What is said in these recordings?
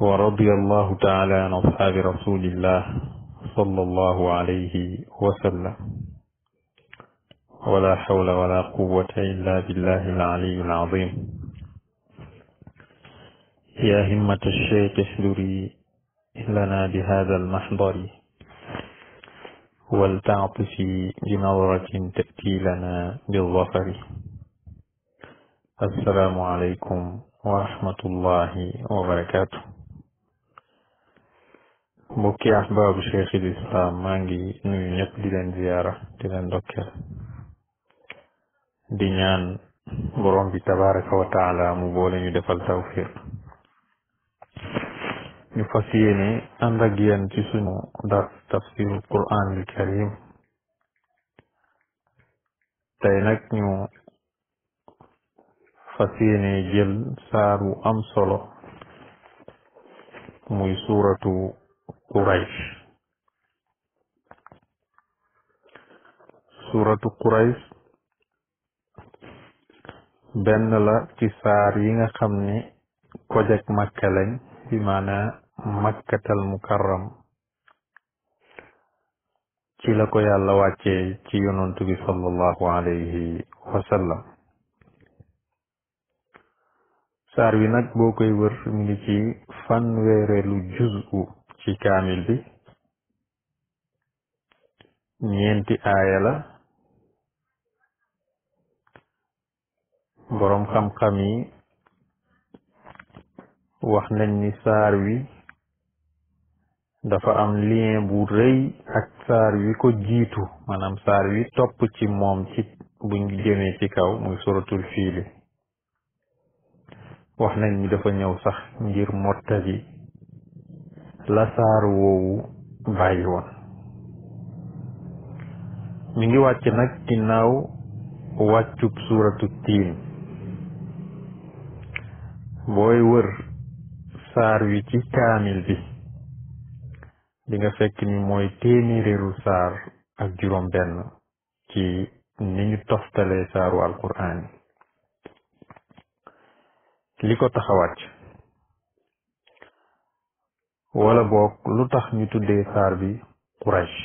ورضي الله تعالى عن أصحاب رسول الله صلى الله عليه وسلم ولا حول ولا قوة إلا بالله العلي العظيم يا همة الشيخ احذري لنا بهذا المحضر ولتعطشي بنظرة تأتي لنا بالظفر السلام عليكم ورحمة الله وبركاته mbokki ahbaabu cheikhil islam maa ngi nuyu di leen ziyaara di leen ndokkeel di ñaan borom bi tabaraka wa mu boole ñu defal tawfiq ñu fas yéene ànd ak yéen tafsiru quran al karim tey nag ñu jël saar wu am solo muy suuratu Quraysh suuratu Quraysh benn la ci saar yi nga xam ni kojak Makka lañ bi maana Makkatal Mukarram ci la ko yàlla wàcce ci yonantu bi sallallahu alayhi wa saar wi nag boo koy wër mi ngi ci fanweereelu juz'u ci kaamil bi ñeenti aaya la boroom xam yi wax nañ ni saar wi dafa am lien bu rëy ak saar wi ko jiitu maanaam saar wi topp ci moom ci buñ jëmee ci kaw muy suratul fiili wax nañ ni dafa ñëw sax ngir mottali la saar woowu bàyyi woon mi ngi wàcc nag ginnaaw wàccub suuratu tiin booy wër saar wi ci kaamil bi di nga fekk ni mooy téeméeréeru saar ak juróom benn ci ni ñu toftalee saaru alquraan yi li ko tax wàcc wala boog lu tax ñu tuddee saar bi Quraysh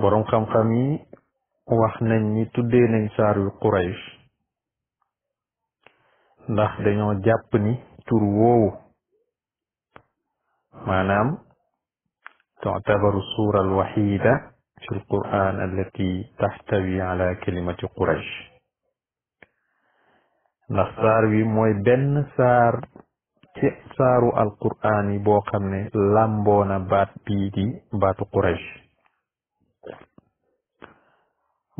boroom xam-xam yi wax nañ ni tuddee nañ saar wi Quraysh ndax dañoo jàpp ni tur woowu maanaam تعتبر الصورة الوحيدة في القرآن التي تحتوي على كلمة قريش ndax saar wi mooy benn saar ci saaru alquraan yi boo xam ne làmboona baat bii baatu quraysh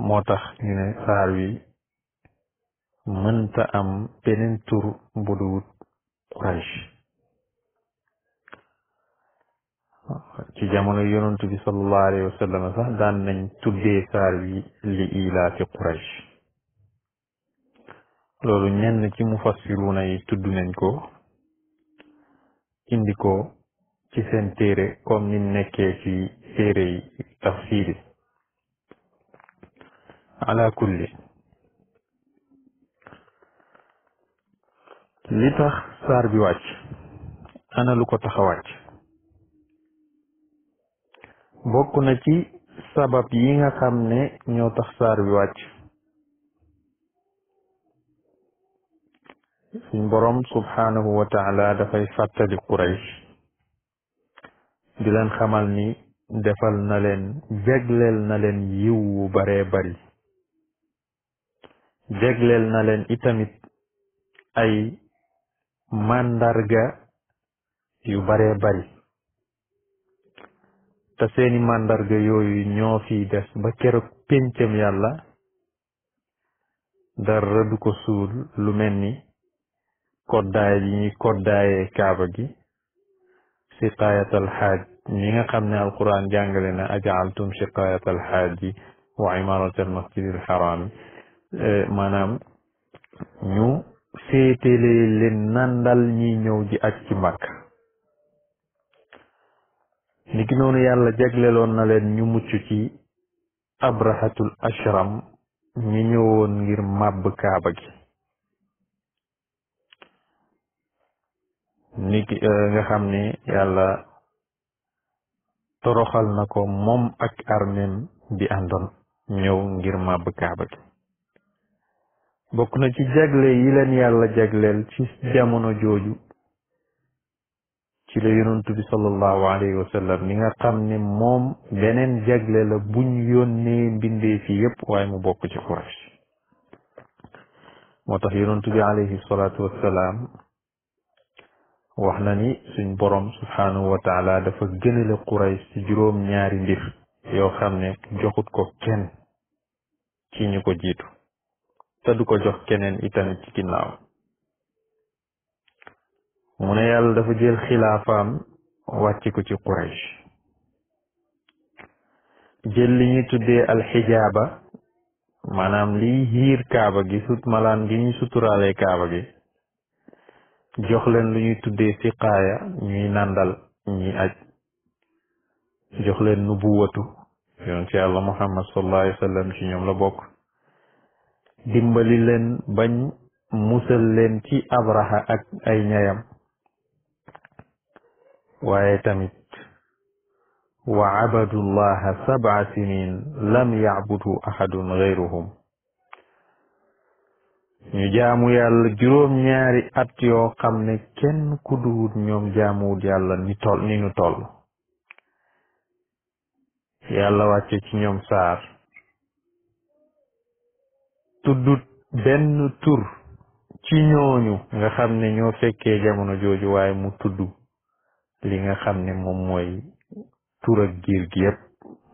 moo tax ñu ne saar wi mënta am beneen tur bu dul ci jamono yonent bi sallallahu wa sallam sax daan nañ tuddee saar wi li ilaa fi loolu ñenn ci mufassiruna yi tudd nañ ko indi ko ci seen téere kom ni nekkee ci téere yi tafsir yi ala kulli li tax saar bi wàcc analu ko tax wàcc bokk na ci sabab yi nga xam ne ñoo tax saar bi wàcc suñ boroom subhaanahu wa taala dafay fàttali Quraysh di leen xamal ni defal na leen jegleel na leen yiw wu baree bari na leen itamit ay màndarga yu baree bari te seeni màndarga yooyu ñoofi des ba keroog péncam yàlla dara du suul lu mel ni koddaay bi ñuy koddaayee kaaba gi siqaayatal xaaj ñi nga xam ne alquran jàngale na ajaaltum siqaayatal xaaj yi wa imaratal masjidil xaraami maanaam ñu seetale leen nandal ñi ñëw ji ak ci Makka ni ki noonu yàlla jagleloon na leen ñu mucc ci abrahatul ashram ñi ñëwoon ngir màbb kaaba gi niki eh, nga xam ne yàlla toroxal na ko moom ak armeem bi àndoon ñëw ngir màbb kaaba gi bokk na ci jagle yi leen yàlla jagleel ci jamono jooju ci la yonantu bi sallallahu alayhi wa sallam mi nga xam ne moom beneen jagle la buñ yónnee mbindee fi yépp waaye mu bokk ci Quraysh moo tax yonantu bi alayhi salaatu wassalaam wax na ni suñ borom subhaanahu wa taala dafa gënale Quraysh ci juróom ñaari mbir yoo xam ne joxut ko kenn ci ko jiitu te ko jox keneen itamit ci ginnaaw mu yàlla dafa jël xilaafaam wàcc ko ci Quraysh jël li ñu tuddee alxijaaba maanaam liy kaaba gi sut malaan gi ñu suturaale kaaba gi jox leen lu ñuy tudde siqaaya ñuy nàndal ñi aj jox leen nubuwatu yoon ci yàlla muhammad sallallahu alayhi wa ñoom la bokk dimbali leen bañ musal leen ci abraha ak ay ñayam waaye tamit wa abadu llaha sab'a sinin lam yacbudu ahadun gayruhum ñu jaamu yàlla juróom ñaari at yoo xam ne kenn ku ñoom jaamuwut yàlla ni toll ni ñu toll yàlla wàcce ci ñoom saar tuddu benn tur ci ñooñu nga xam ne ñoo fekkee jamono jooju waaye mu tudd li nga xam ne moom mooy tur ak giir gi yépp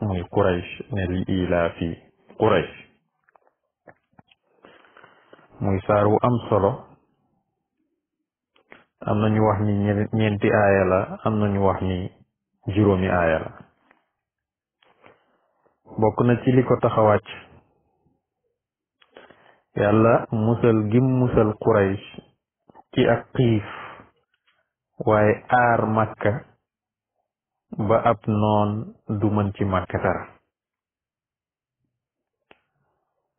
muy Quraysh ne li ilaa fi Quraysh muy saar wu am solo am na ñu wax ni ñeenti aaya la am na ñu wax ni juróomi aaya la bokk na ci li ko tax a wàcc yàlla musal gim musal Quraysh ci ak xiif waaye aar Makka ba ab noon du mën ci Makka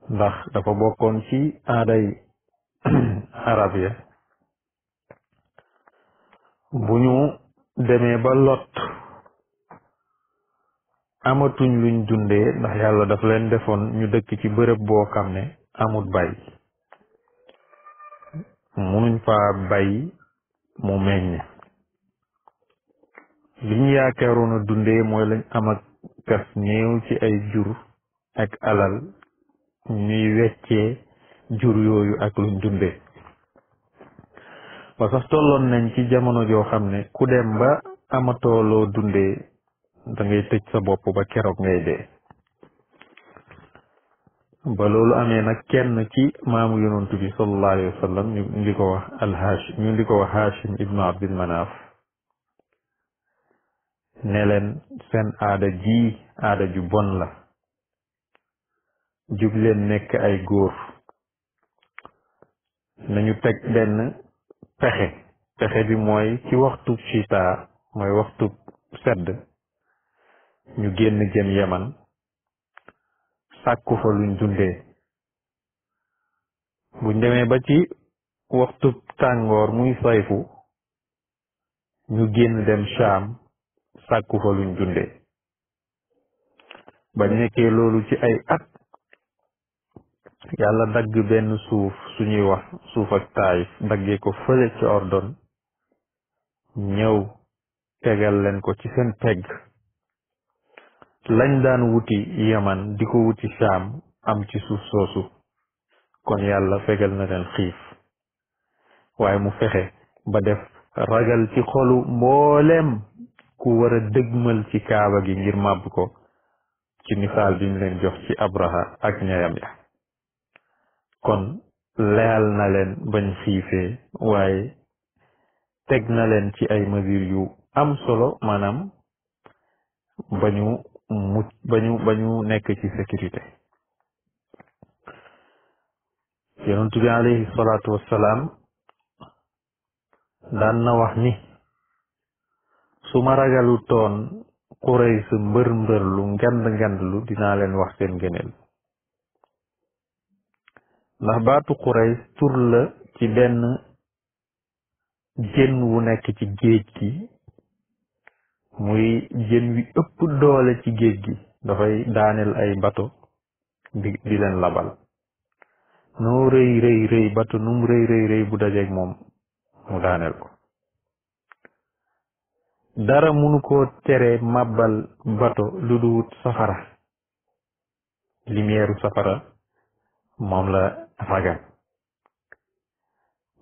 ndax dafa bokkoon ci aaday arab ya bu ñu demee ba lot amatuñ luñ dundee ndax yàlla dafa leen defoon ñu dëkk ci bërëb boo xam ne amut bay munuñ faa bay mu meññ liñ yaakaaroon dundee mooy lañ am kas néew ci ay jur ak alal ñuy weccee jur yooyu ak luñ dundee ba sax tolloon nañ ci jamono joo xam ne ku dem ba amatoo loo dundee da tëj sa bopp ba keroog ngay dee ba loolu amee nag kenn ci maamu yonantu bi sallallahu alayhi ñu di wax al hashim ñu di ko ibnu abdil manaaf ne seen aada ji aada ju bon la jubleen nekk ay góor nañu teg benn pexe pexe bi mooy ci waxtu shitaa mooy waxtu sedd ñu génn jëm yaman sàkku fa luñ dundee buñ demee ba ci waxtu tàngoor muy sayfu ñu génn dem Shaam sàkku fa luñ dundee ba nekkee loolu ci ay at yàlla dagg benn suuf suñuy wax suuf ak taayif daggee ko fële ci ordon ñëw tegal leen ko ci seen pegg lañ daan wuti yaman diko wuti saam am ci suuf soosu kon yàlla fegal na leen xiif waaye mu fexe ba def ragal ci xolu mboolem ku war a ci kaaba gi ngir màbb ko ci misaal bi mu jox ci abraha ak ñayam ya kon leral na len bañ sifé waye tek na len ci ay mesure yu am solo manam bañu mut bañu bañu nek ci sécurité yonent bi alayhi salatu wassalam dan na wax ni su ma ragalu toon Quraysh mbër mbër lu ngand ngand lu dina len wax sen genel ndax baatu Qurays tur la ci benn jën wu nekk ci géej gi muy jën wi ëpp doole ci géej gi dafay daaneel ay bato di di leen labal noo rëy rëy rëy bato num rëy moom mu daaneel ko dara munu ko tere màbbal bato lu duwut safara lumière safara moom la ragal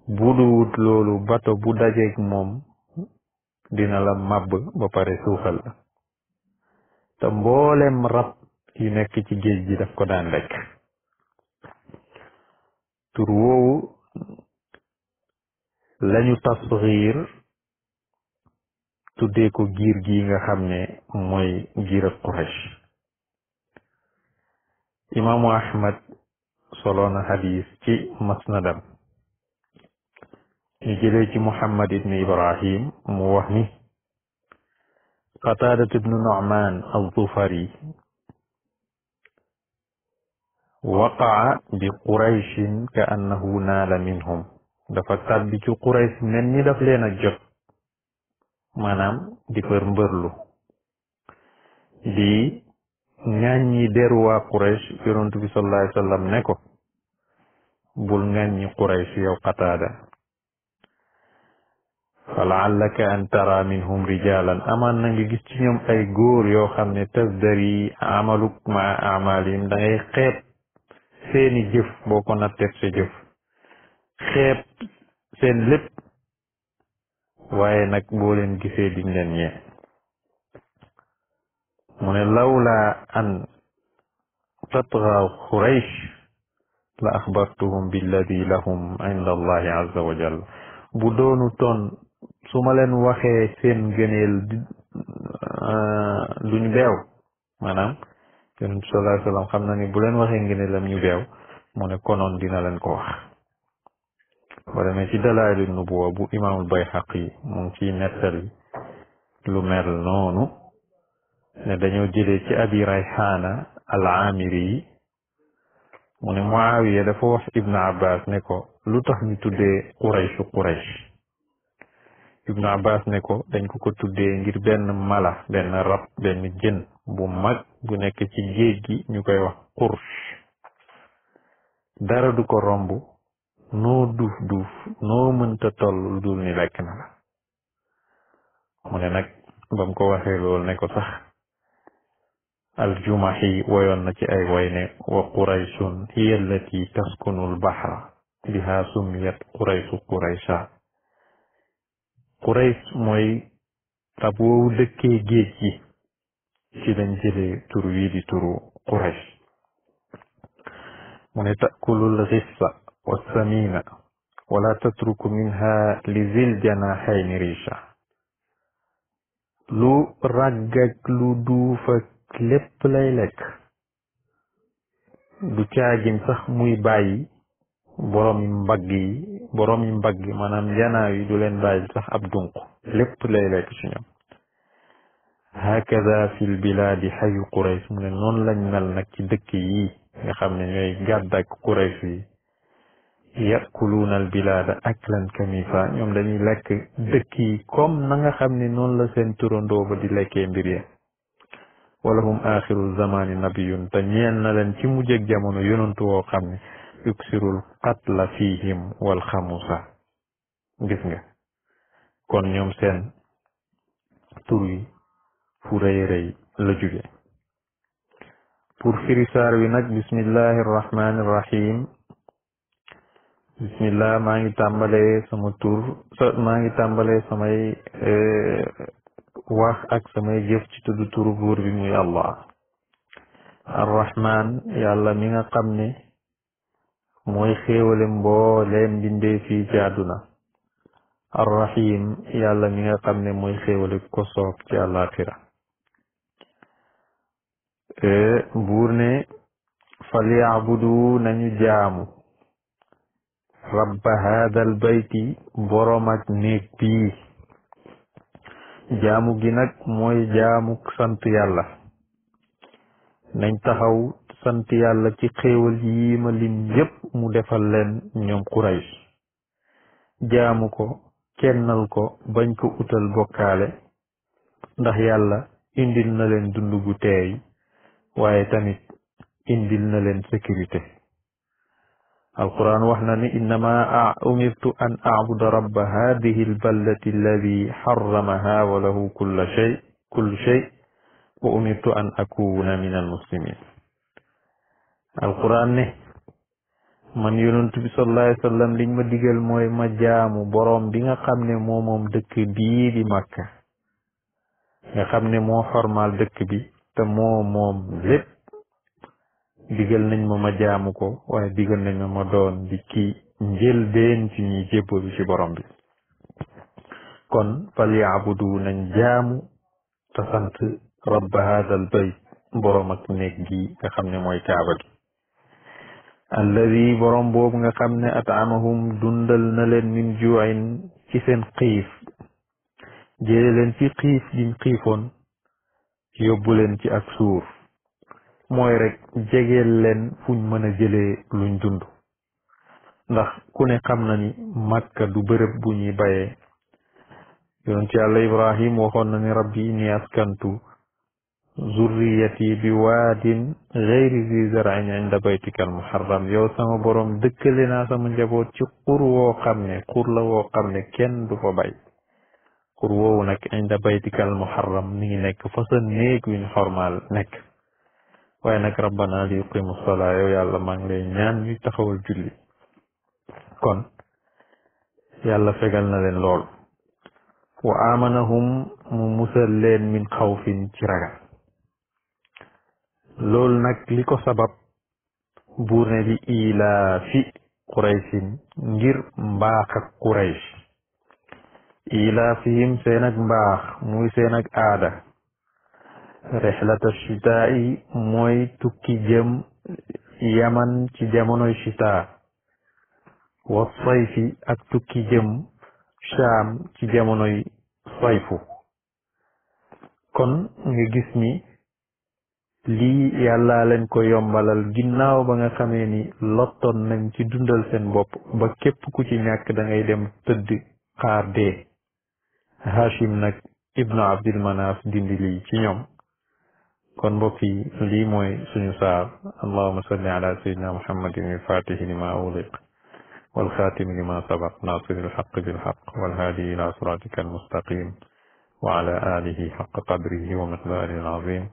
bu duwut loolu bato bu dajeeg moom dina la màbb ba pare suuxal la te mboolem rab yu nekk géej gi daf ko daan lekk tur woowu lañu tasxiir tuddee ko giir gi nga xam ne mooy giir ak Quraysh imaamu Ahmad soloona xadiis ci masnadam ñu jëlee ci muhammad ibn ibrahim mu wax ni qataadat ibnu nu'man az-zufari waqaa bi qurayshin ka annahu minhum dafa tàbbi ci quraysh mel daf leen a jot maanaam di fër di ŋàññi deru waa Quraysh yonentu bi sallallahu alayhi wa sallam bul ŋàññi Quraysh yow Qataada fa laallaka an tara minhum rijalan amaan na nga ci ñoom ay góor yoo xam ne tasdari amaluk ma amaalihim da ngay xeeb seeni jëf boo ko natteeb sa jëf xeeb seen lépp waaye nag boo leen gisee diñ من لولا أن تطغى قريش لأخبرتهم بالذي لهم عند الله عز وجل بدون تون سمالن وخي سين جنيل آه، دون بيو مانام يونم صلى الله عليه وسلم خمنا ني بولن وخي جنيل لم يبيو من كونون دينا لن ولا ما في دلائل النبوة بو إمام البيحقي من في نتل لمر نونو ne dañoo jëlee ci abi rayxaana al aamiri yi mu ne muawiya dafa wax ibnu abbas ne ko lu tax ñu tuddee quraychu quraysh ibnu abbas ne ko dañ ko ko tuddee ngir benn mala benn rab benn jën bu mag bu nekk ci géej ñu koy wax qursh dara du ko romb noo duuf duuf noo mënta toll lu dul ni lekk na la mu nag bam ko waxee lool ne ko sax الجمحي ويونك أي وين وقريش هي التي تسكن البحر بها سميت قريش قريشا قريش موي ربو لكي جيجي سيدن جلي تروي دي ترو قريش من تأكل الغصة والسمينة ولا تترك منها لزل جناحين ريشا لو رجك لدوفك lépp lay lekk du caagin sax muy bàyyi borom yi mbagg yi borom mbagg maanaam janaaw yi du leen bàyyi sax ab dunq lépp lay lekk ci ñoom hakada fi l xayu qurays mu ne noonu lañ mel nag ci dëkk yi nga xam ne ñooy gàddak qurays yi yakuluuna al bilaada aklan kamifa ñoom dañuy lekk dëkk yi comme na nga xam ne noonu la seen turandoo ba di lekkee mbir yi wala hum axiru zamani nabiyun te ñeen na leen ci mujjeg jamono yonantu woo xam ne yuksirul qatla fihim wal xamusa gis nga kon ñoom seen tur yi fu rëy rëy la jóge pour firi saar wi nag bismillahi irrahmani bismillah maa ngi tàmbalee sama tur maa ngi tàmbalee samay eh, wax ak samay jëf ci tudd turu buur bi muy allah arrahman yàlla mi nga xam ne mooy xéewale mbooleem bindee fii ci àdduna arrahim yàlla mi nga xam ne mooy xéewale ko soob ci àllaaxira e, buur ne falyaabudu nañu jaamu rabba haadal bayti boroom ak néeg jaamu gi nag mooy jaamu sant yàlla nañ taxaw sant yàlla ci xéewal yii ma lim yépp mu defal leen ñoom Quraysh jaamu ko kennal ko bañ ko utal bokkaale ndax yàlla indil na leen dund gu teey waaye tamit indil na leen sécurité القرآن وحنا إنما أمرت أن أعبد رب هذه البلدة الذي حرمها وله كل شيء كل شيء وأمرت أن أكون من المسلمين القرآن نه من يونت بي صلى الله عليه وسلم لي ما ديغال موي ما جامو بروم بيغا خامني مو موم دك بي دي مكه يا مو حرمال دك بي تا مو لب digal nañ ma ma jaamu ko waaye digal nañ ma ma doon di ki njëlbeen ci ñi jébbalu ci borom bi kon fal yaabudu nañ jaamu te sant rabb haadal bayt boroom ak néeg gi nga xam ne mooy kaaba gi alladi boroom boobu nga xam ne ataamahum dundal na leen min juin ci seen xiif jële leen ci xiif giñ xiifoon yóbbu leen ci ak suur mooy rek jegeel leen fuñ mën a jëlee luñ dund ndax ku ne xam na ni Makka du bërëb bu ñuy bayee ci yàlla Ibrahim waxoon na ni rabbi inni askantu zurriyati bi waadin gayri zi zarain inda baytikal muharram yow sama borom dëkkale naa sama njaboot ci xur woo xam ne xur la woo xam ne kenn du fa bay xur woowu nag inda baytikal muharram mi ngi nekk fa sa néeg yu ñu xormaal nekk waaye nag rabbana li yuqimu salaa yow yàlla maa ngi ñaan ñuy taxawal julli kon yàlla fegal na leen lool wa amanahum mu musal leen min xawfin ci ragal loolu nag li ko sabab buur ne li ilaa fi quraysin ngir mbaax ak qurays ilaa fihim seen ak mbaax muy seen aada rixlata chitaa yi mooy tukki jëm yaman ci jamonoy chitaa wa sayfi ak tukki jëm shaam ci jamonoy sayfu kon nga gis ni lii yàllaa leen ko yombalal ginnaaw ba nga xamee ni lottoon nañ ci dundal seen bopp ba képp ku ci ñàkk da dem tëdd xaar dee hashim nag ibnu abdil manaaf dindi ci ñoom kon mbokk yi lii mooy suñu saar allahuma salli ala sayidina muhammadin wa fatihi lima uliq khatim lima sabaq haqq bil haqq wal hadi ila siratika almustaqim وعلى آله حق قدره ومقداره العظيم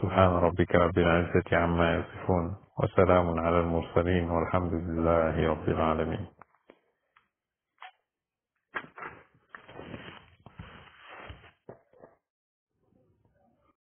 سبحان ربك رب العزة عما يصفون وسلام على المرسلين والحمد لله رب العالمين